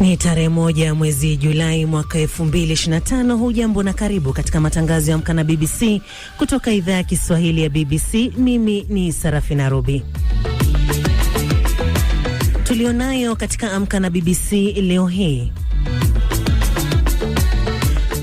Ni tarehe moja mwezi Julai mwaka tano. Hujambo na karibu katika matangazo ya Amka na BBC kutoka idhaa ya Kiswahili ya BBC. Mimi ni Sarafina Rubi. Tulionayo katika Amka na BBC leo hii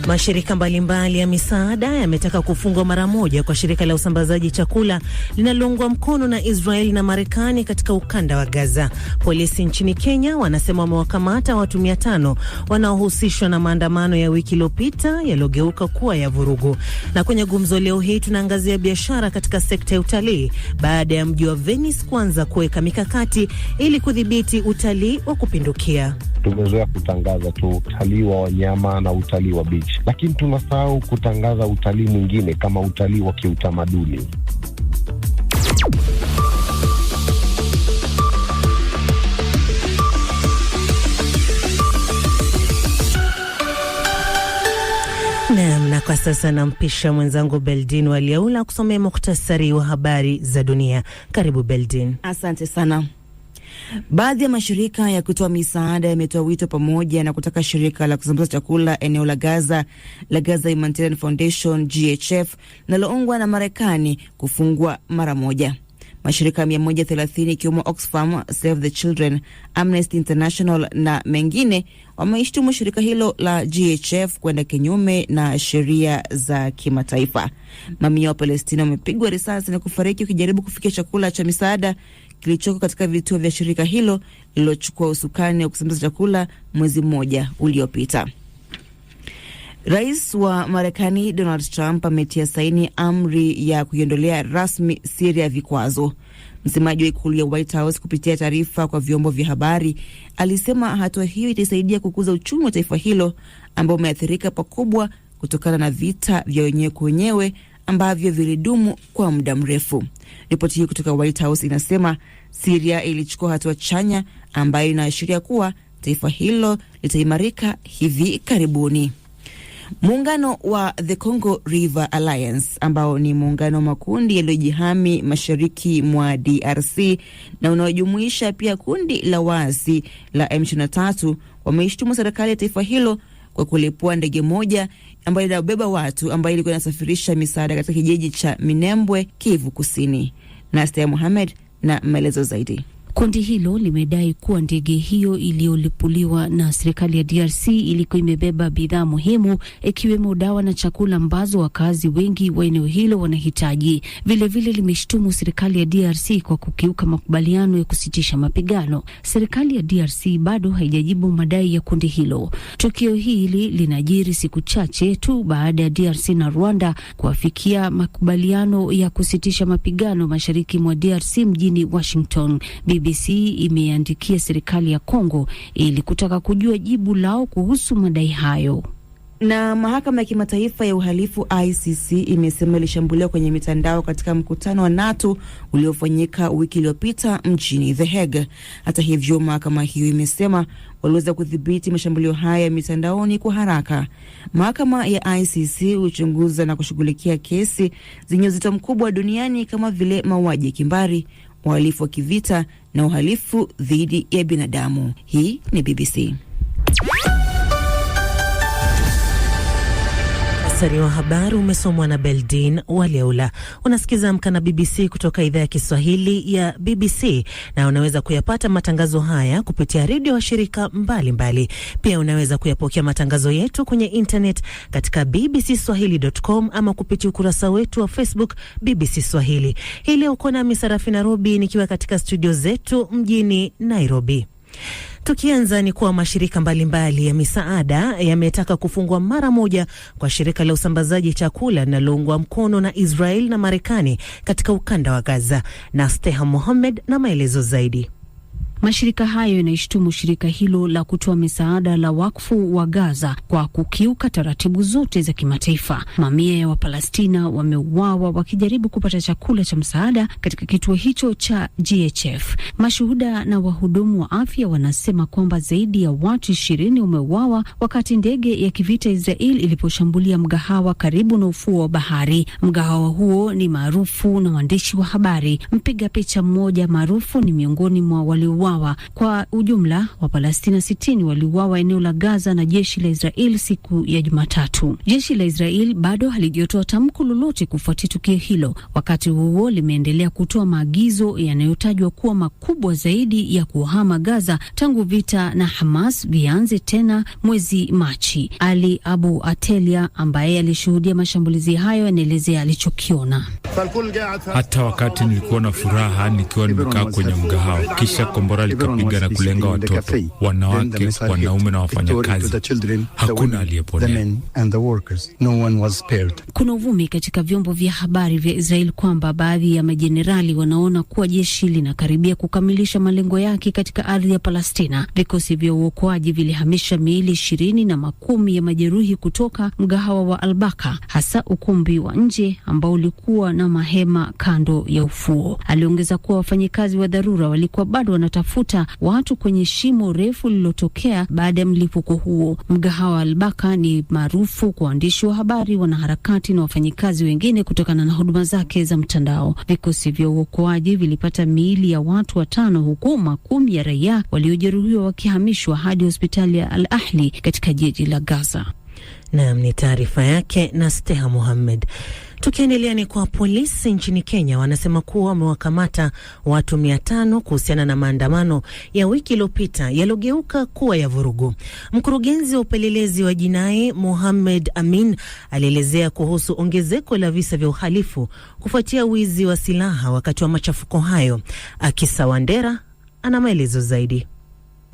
Mashirika mbalimbali mbali ya misaada yametaka kufungwa mara moja kwa shirika la usambazaji chakula linaloungwa mkono na Israeli na Marekani katika ukanda wa Gaza. Polisi nchini Kenya wanasema wamewakamata watu mia tano wanaohusishwa na maandamano ya wiki iliyopita yaliyogeuka kuwa ya vurugu. Na kwenye gumzo leo hii tunaangazia biashara katika sekta ya utalii baada ya mji wa Venice kuanza kuweka mikakati ili kudhibiti utalii wa kupindukia. Tumezoea kutangaza tu utalii wa wanyama na utalii wa beach lakini tunasahau kutangaza utalii mwingine kama utalii wa kiutamaduni. na kwa sasa nampisha mwenzangu Beldin Waliaula kusomea muhtasari wa habari za dunia. Karibu Beldin. Asante sana. Baadhi ya mashirika ya kutoa misaada yametoa wito pamoja na kutaka shirika la kusambaza chakula eneo la Gaza la Gaza Humanitarian Foundation GHF linaloungwa na Marekani kufungwa mara moja. Mashirika 130 ikiwemo Oxfam, Save the Children, Amnesty International na mengine wameishtumu shirika hilo la GHF kwenda kinyume na sheria za kimataifa. Mamia wa Palestina wamepigwa risasi na kufariki wakijaribu kufikia chakula cha misaada kilichoko katika vituo vya shirika hilo lililochukua usukani wa kusambaza chakula mwezi mmoja uliopita. Rais wa Marekani Donald Trump ametia saini amri ya kuiondolea rasmi Siria vikwazo. Msemaji wa ikulu ya White House kupitia taarifa kwa vyombo vya habari alisema hatua hiyo itaisaidia kukuza uchumi wa taifa hilo ambao umeathirika pakubwa kutokana na vita vya wenyewe kwa wenyewe ambavyo vilidumu kwa muda mrefu. Ripoti hii kutoka White House inasema Siria ilichukua hatua chanya ambayo inaashiria kuwa taifa hilo litaimarika hivi karibuni. Muungano wa The Congo River Alliance ambao ni muungano wa makundi yaliyojihami mashariki mwa DRC na unaojumuisha pia kundi la waasi la M23 wameishtumu serikali ya taifa hilo kwa kulipua ndege moja ambayo inabeba watu ambayo ilikuwa inasafirisha misaada katika kijiji cha Minembwe, Kivu Kusini. Nastia Mohamed na maelezo zaidi. Kundi hilo limedai kuwa ndege hiyo iliyolipuliwa na serikali ya DRC ilikuwa imebeba bidhaa muhimu ikiwemo dawa na chakula ambazo wakazi wengi wa eneo hilo wanahitaji. Vilevile limeshtumu serikali ya DRC kwa kukiuka makubaliano ya kusitisha mapigano. Serikali ya DRC bado haijajibu madai ya kundi hilo. Tukio hili linajiri siku chache tu baada ya DRC na Rwanda kuafikia makubaliano ya kusitisha mapigano mashariki mwa DRC mjini Washington. BBC imeandikia serikali ya Kongo ili kutaka kujua jibu lao kuhusu madai hayo. Na mahakama ya kimataifa ya uhalifu ICC imesema ilishambuliwa kwenye mitandao katika mkutano wa NATO uliofanyika wiki iliyopita mjini The Hague. Hata hivyo, mahakama hiyo imesema waliweza kudhibiti mashambulio haya ya mitandaoni kwa haraka. Mahakama ya ICC huchunguza na kushughulikia kesi zenye uzito mkubwa duniani kama vile mauaji ya kimbari, uhalifu wa kivita na uhalifu dhidi ya binadamu. Hii ni BBC. Muktasari wa habari umesomwa na Beldin Waleula. Unasikiza Amka na BBC kutoka idhaa ya Kiswahili ya BBC, na unaweza kuyapata matangazo haya kupitia redio shirika mbalimbali. Pia unaweza kuyapokea matangazo yetu kwenye internet katika bbcswahili.com ama kupitia ukurasa wetu wa Facebook BBC Swahili. Hii leo uko nami Sarafi Nairobi, nikiwa katika studio zetu mjini Nairobi. Tukianza ni kuwa mashirika mbalimbali mbali ya misaada yametaka kufungwa mara moja kwa shirika la usambazaji chakula linaloungwa mkono na Israel na Marekani katika ukanda wa Gaza. Na Steha Mohamed na maelezo zaidi. Mashirika hayo yanaishtumu shirika hilo la kutoa misaada la wakfu wa Gaza kwa kukiuka taratibu zote za kimataifa. Mamia ya Wapalestina wameuawa wakijaribu kupata chakula cha msaada katika kituo hicho cha GHF. Mashuhuda na wahudumu wa afya wanasema kwamba zaidi ya watu ishirini wameuawa wakati ndege ya kivita Israel iliposhambulia mgahawa karibu na ufuo wa bahari. Mgahawa huo ni maarufu na waandishi wa habari. Mpiga picha mmoja maarufu ni miongoni mwa walio waliuawa. Kwa ujumla Wapalestina sitini waliuawa eneo la Gaza na jeshi la Israel siku ya Jumatatu. Jeshi la Israel bado halijatoa tamko lolote kufuatia tukio hilo. Wakati huo limeendelea kutoa maagizo yanayotajwa kuwa makubwa zaidi ya kuhama Gaza tangu vita na Hamas vianze tena mwezi Machi. Ali Abu Atelia ambaye alishuhudia mashambulizi hayo anaelezea alichokiona. Hata wakati nilikuwa na furaha nikiwa nimekaa kwenye mgahawa kisha kombo Bora likapigana kulenga watoto, wanawake, wanaume na wafanyakazi. Hakuna aliyeponea. kuna uvumi katika vyombo vya habari vya Israel kwamba baadhi ya majenerali wanaona kuwa jeshi linakaribia kukamilisha malengo yake katika ardhi ya Palestina. Vikosi vya uokoaji vilihamisha miili ishirini na makumi ya majeruhi kutoka mgahawa wa Albaka, hasa ukumbi wa nje ambao ulikuwa na mahema kando ya ufuo. Aliongeza kuwa wafanyikazi wa dharura walikuwa bado wanata kutafuta watu kwenye shimo refu lililotokea baada ya mlipuko huo. Mgahawa wa Albaka ni maarufu kwa waandishi wa habari, wanaharakati na wafanyikazi wengine kutokana na huduma zake za mtandao. Vikosi vya uokoaji vilipata miili ya watu watano, huku makumi ya raia waliojeruhiwa wakihamishwa hadi hospitali ya Al Ahli katika jiji la Gaza. Nam ni taarifa yake na Steha Muhammed. Tukiendelea ni kwa polisi nchini Kenya wanasema kuwa wamewakamata watu mia tano kuhusiana na maandamano ya wiki iliyopita yaliyogeuka kuwa ya vurugu. Mkurugenzi wa upelelezi wa jinai Mohamed Amin alielezea kuhusu ongezeko la visa vya uhalifu kufuatia wizi wa silaha wakati wa machafuko hayo. Akisa Wandera ana maelezo zaidi.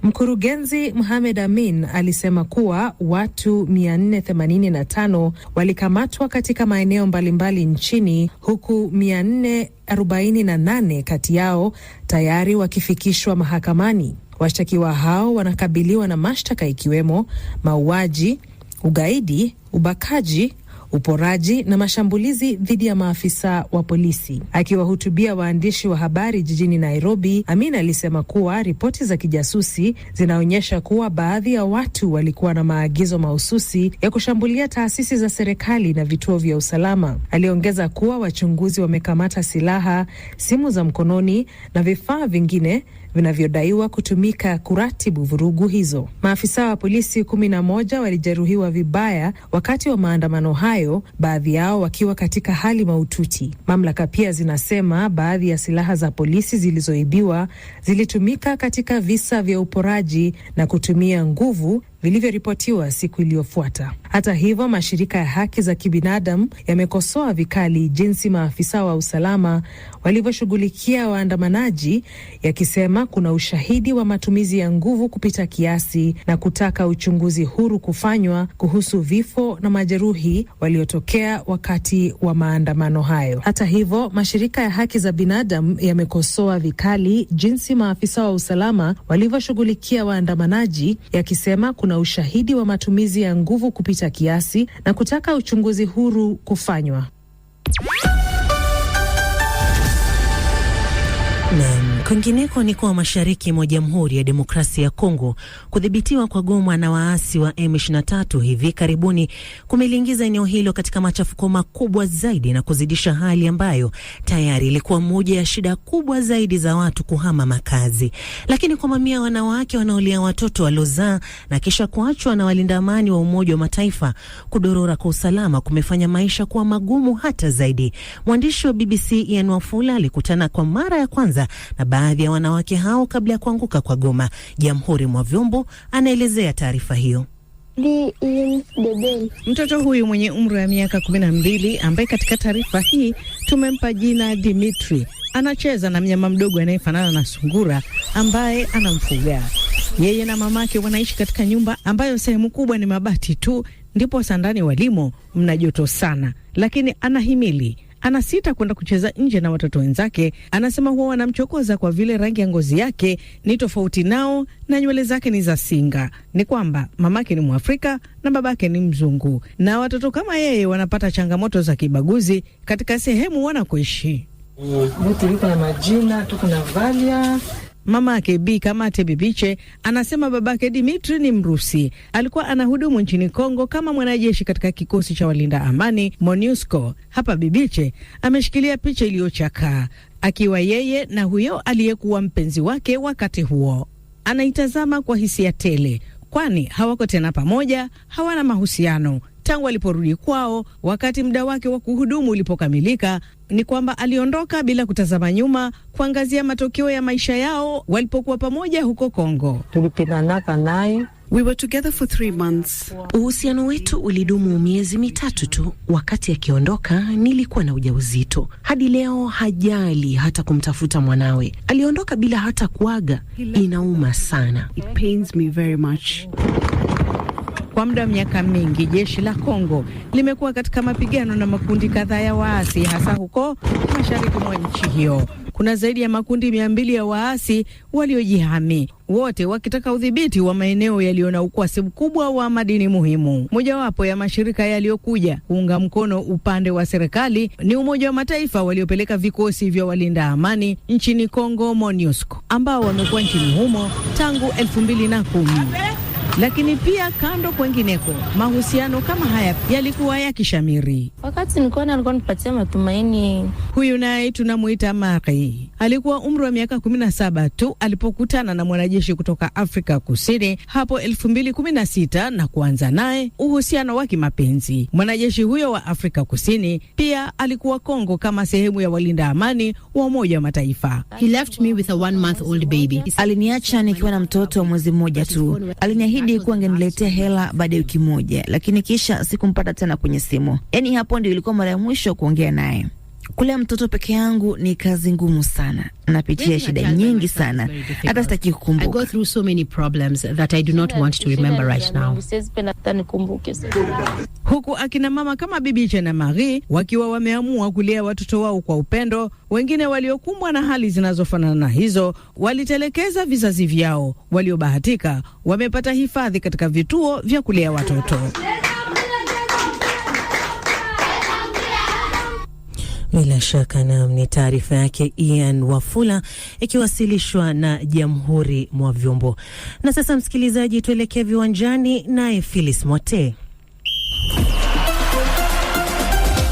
Mkurugenzi Mohamed Amin alisema kuwa watu 485 walikamatwa katika maeneo mbalimbali nchini huku 448 kati yao tayari wakifikishwa mahakamani. Washtakiwa hao wanakabiliwa na mashtaka ikiwemo mauaji, ugaidi, ubakaji uporaji na mashambulizi dhidi ya maafisa wa polisi. Akiwahutubia waandishi wa habari jijini Nairobi, Amin alisema kuwa ripoti za kijasusi zinaonyesha kuwa baadhi ya watu walikuwa na maagizo mahususi ya kushambulia taasisi za serikali na vituo vya usalama. Aliongeza kuwa wachunguzi wamekamata silaha, simu za mkononi na vifaa vingine vinavyodaiwa kutumika kuratibu vurugu hizo. Maafisa wa polisi kumi na moja walijeruhiwa vibaya wakati wa maandamano hayo, baadhi yao wakiwa katika hali mahututi. Mamlaka pia zinasema baadhi ya silaha za polisi zilizoibiwa zilitumika katika visa vya uporaji na kutumia nguvu vilivyoripotiwa siku iliyofuata. Hata hivyo, mashirika ya haki za kibinadamu yamekosoa vikali jinsi maafisa wa usalama walivyoshughulikia waandamanaji, yakisema kuna ushahidi wa matumizi ya nguvu kupita kiasi na kutaka uchunguzi huru kufanywa kuhusu vifo na majeruhi waliotokea wakati wa maandamano hayo. Hata hivyo, mashirika ya haki za binadamu yamekosoa vikali jinsi maafisa wa usalama walivyoshughulikia waandamanaji, yakisema kuna kuna ushahidi wa matumizi ya nguvu kupita kiasi na kutaka uchunguzi huru kufanywa. Kwingineko ni kuwa mashariki mwa Jamhuri ya Demokrasia ya Kongo, kudhibitiwa kwa Goma na waasi wa M23 hivi karibuni kumeliingiza eneo hilo katika machafuko makubwa zaidi na kuzidisha hali ambayo tayari ilikuwa moja ya shida kubwa zaidi za watu kuhama makazi. Lakini kwa mamia wanawake wanaolia watoto waliozaa na kisha kuachwa na walinda amani wa Umoja wa Mataifa, kudorora kwa usalama kumefanya maisha kuwa magumu hata zaidi. Mwandishi wa BBC Ian Wafula alikutana kwa mara ya kwanza na baadhi ya wanawake hao kabla ya kuanguka kwa Goma. Jamhuri mwa Vyombo anaelezea taarifa hiyo. E Mtoto huyu mwenye umri wa miaka kumi na mbili ambaye katika taarifa hii tumempa jina Dimitri anacheza na mnyama mdogo anayefanana na sungura ambaye anamfuga yeye. Na mamake wanaishi katika nyumba ambayo sehemu kubwa ni mabati tu, ndipo sandani walimo mna joto sana, lakini anahimili anasita kwenda kucheza nje na watoto wenzake. Anasema huwa wanamchokoza kwa vile rangi ya ngozi yake ni tofauti nao na nywele zake ni za singa. Ni kwamba mamake ni Mwafrika na babake ni mzungu, na watoto kama yeye wanapata changamoto za kibaguzi katika sehemu wanakoishi. Mm. Buti na majina tu, kuna Valia Mama yake Bi Kamate Bibiche anasema babake Dimitri ni Mrusi, alikuwa anahudumu nchini Kongo kama mwanajeshi katika kikosi cha walinda amani MONUSCO. Hapa Bibiche ameshikilia picha iliyochakaa akiwa yeye na huyo aliyekuwa mpenzi wake wakati huo. Anaitazama kwa hisia tele, kwani hawako tena pamoja, hawana mahusiano tangu aliporudi kwao wakati muda wake wa kuhudumu ulipokamilika ni kwamba aliondoka bila kutazama nyuma kuangazia matokeo ya maisha yao walipokuwa pamoja huko Kongo. Tulipinanaka naye We were together for three months. Uhusiano wetu ulidumu miezi mitatu tu. Wakati akiondoka, nilikuwa na ujauzito. Hadi leo hajali hata kumtafuta mwanawe. Aliondoka bila hata kuaga. Inauma sana. It pains me very much. Kwa muda wa miaka mingi, jeshi la Kongo limekuwa katika mapigano na makundi kadhaa ya waasi, hasa huko mashariki mwa nchi hiyo. Kuna zaidi ya makundi mia mbili ya waasi waliojihami, wote wakitaka udhibiti wa maeneo yaliyo na ukwasi mkubwa wa madini muhimu. Mojawapo ya mashirika yaliyokuja kuunga mkono upande wa serikali ni Umoja wa Mataifa waliopeleka vikosi vya walinda amani nchini Kongo, MONUSCO, ambao wamekuwa nchini humo tangu elfu mbili na kumi lakini pia kando kwengineko mahusiano kama haya yalikuwa kishamiri. Wakati nikuona alikuwa nipatia matumaini. Huyu naye tunamuita Mari, alikuwa umri wa miaka kumi na saba tu alipokutana na mwanajeshi kutoka Afrika Kusini hapo elfu mbili kumi na sita na kuanza naye uhusiano wa kimapenzi. Mwanajeshi huyo wa Afrika Kusini pia alikuwa Kongo kama sehemu ya walinda amani wa Umoja wa Mataifa. He left me with a one month old baby. Aliniacha nikiwa na mtoto wa mwezi mmoja tu. Aliniahidi aliahidi kuwa angeniletea hela baada ya wiki moja, lakini kisha sikumpata tena kwenye simu. Yaani hapo ndio ilikuwa mara ya mwisho kuongea naye kulea mtoto peke yangu ni kazi ngumu sana, napitia shida nyingi sana, hata sitaki kukumbuka. Huku akina mama kama Bibi Jena Marie wakiwa wameamua kulea watoto wao kwa upendo, wengine waliokumbwa na hali zinazofanana na hizo walitelekeza vizazi vyao, waliobahatika wamepata hifadhi katika vituo vya kulea watoto. Bila shaka nam, ni taarifa yake Ian Wafula ikiwasilishwa na Jamhuri mwa Vyombo. Na sasa, msikilizaji, tuelekee viwanjani naye Phyllis Mwate.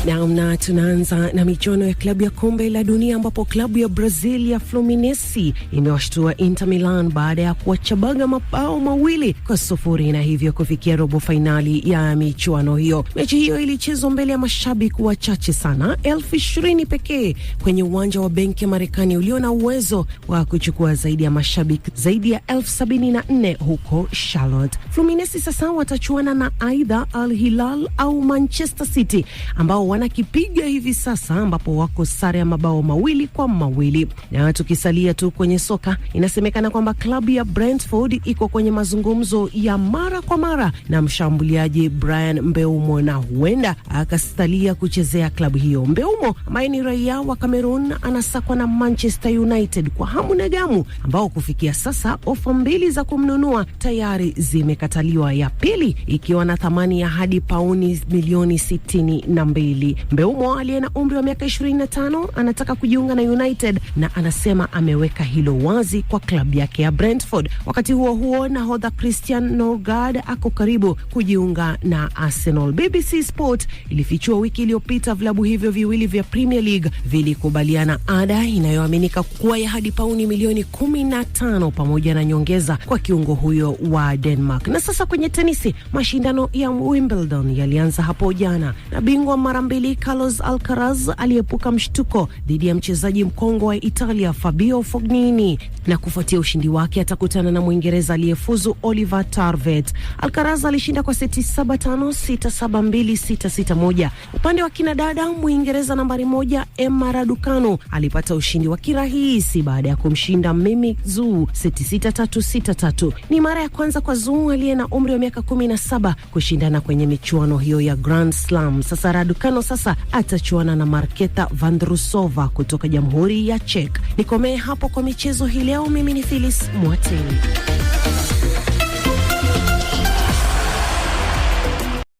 Namna tunaanza na michuano ya klabu ya kombe la dunia ambapo klabu ya Brazil ya Fluminense imewashtua Inter Milan baada ya kuwachabaga mabao mawili kwa sufuri na hivyo kufikia robo fainali ya michuano hiyo. Mechi hiyo ilichezwa mbele ya mashabiki wachache sana, elfu ishirini pekee kwenye uwanja wa benki ya Marekani ulio na uwezo wa kuchukua zaidi ya mashabiki zaidi ya elfu sabini na nne huko Charlotte. Fluminense sasa watachuana na aidha Al Hilal au Manchester City ambao wanakipiga hivi sasa, ambapo wako sare ya mabao mawili kwa mawili. Na tukisalia tu kwenye soka, inasemekana kwamba klabu ya Brentford iko kwenye mazungumzo ya mara kwa mara na mshambuliaji Brian Mbeumo na huenda akastalia kuchezea klabu hiyo. Mbeumo ambaye ni raia wa Cameroon anasakwa na Manchester United kwa hamu na gamu, ambao kufikia sasa ofa mbili za kumnunua tayari zimekataliwa, ya pili ikiwa na thamani ya hadi pauni milioni sitini na mbili mbili. Mbeumo aliye na umri wa miaka 25 anataka kujiunga na United na anasema ameweka hilo wazi kwa klabu yake ya Brentford. Wakati huo huo, nahodha Christian Norgard ako karibu kujiunga na Arsenal. BBC Sport ilifichua wiki iliyopita vilabu hivyo viwili vya Premier League vilikubaliana ada inayoaminika kuwa ya hadi pauni milioni 15 pamoja na nyongeza kwa kiungo huyo wa Denmark. Na sasa kwenye tenisi, mashindano ya Wimbledon yalianza hapo jana na bingwa mara mbili Carlos Alcaraz aliepuka mshtuko dhidi ya mchezaji mkongwe wa Italia Fabio Fognini, na kufuatia ushindi wake atakutana na Mwingereza aliyefuzu Oliver Tarvet. Alcaraz alishinda kwa seti 7-5, 6-7, 2-6, 6-1. Upande wa kinadada, Mwingereza nambari moja Emma Raducanu alipata ushindi wa kirahisi baada ya kumshinda Mimi Zuu seti 6-3, 6-3. Ni mara ya kwanza kwa Zuu aliye na umri wa miaka 17 kushindana kwenye michuano hiyo ya Grand Slam. Sasa Raducanu Jumatano sasa atachuana na Marketa Vandrusova kutoka Jamhuri ya Czech. Nikomee hapo kwa michezo hii leo. Mimi ni Filis Mwateni.